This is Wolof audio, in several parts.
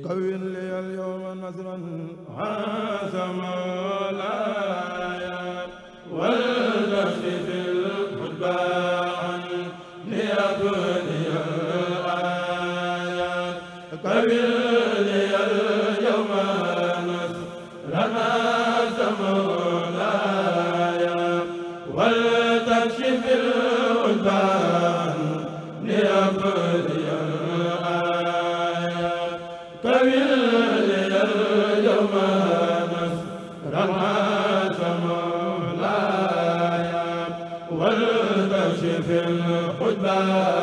kawin li al yawma nasran haza mawlaaya wal nafsi fil mutbaan li abdi aaya kawin li al yawma nasran haza mawlaaya wal nafsi fil mutbaan la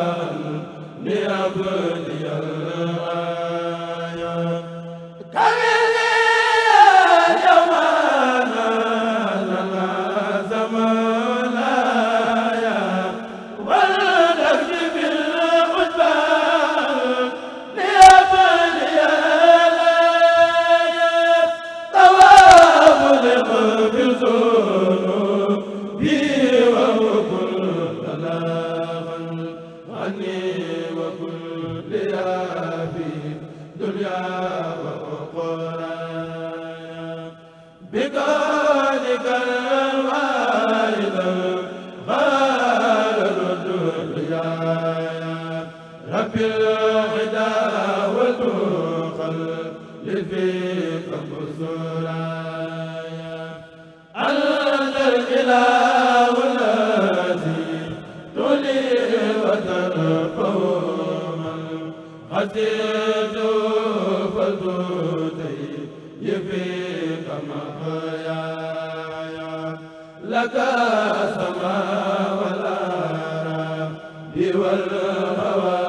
laka sama wala bi wal hawa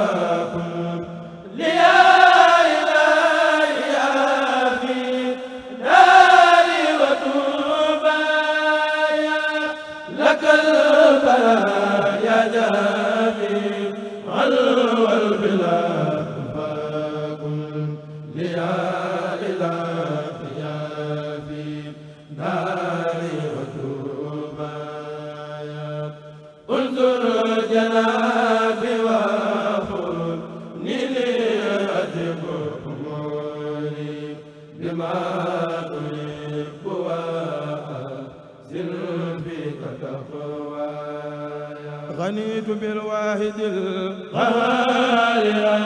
الواحد القهار عن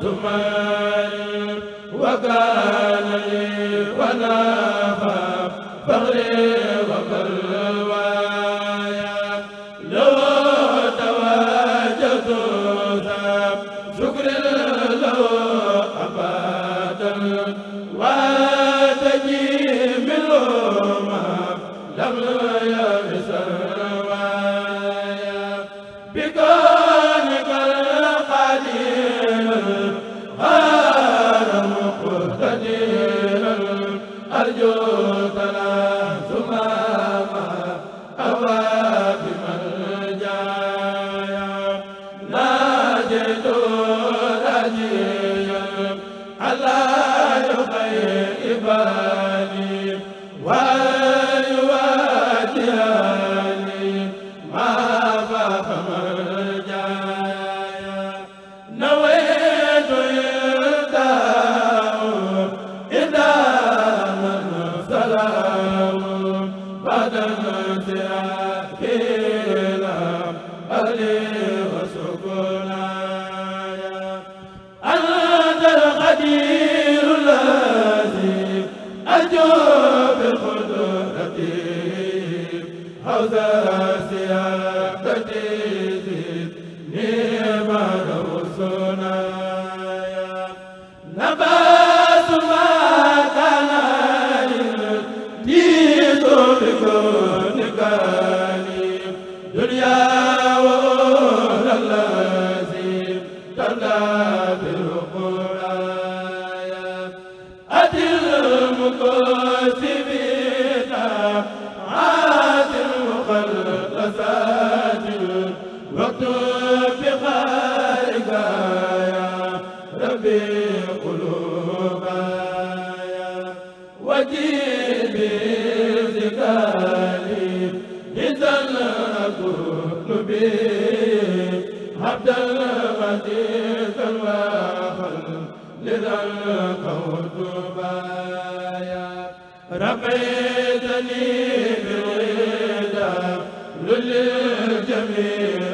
ثمان وكان لي فلا فخري badana Doctor ربيتني بالرضا للجميع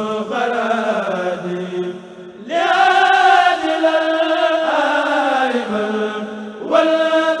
wal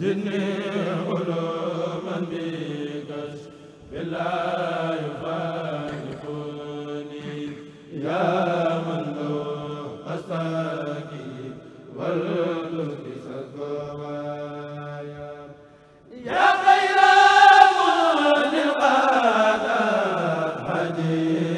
zidni uluman bi kas billah amiin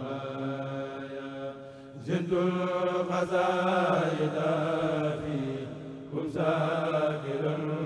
زدت القصائد فيكم ساكنا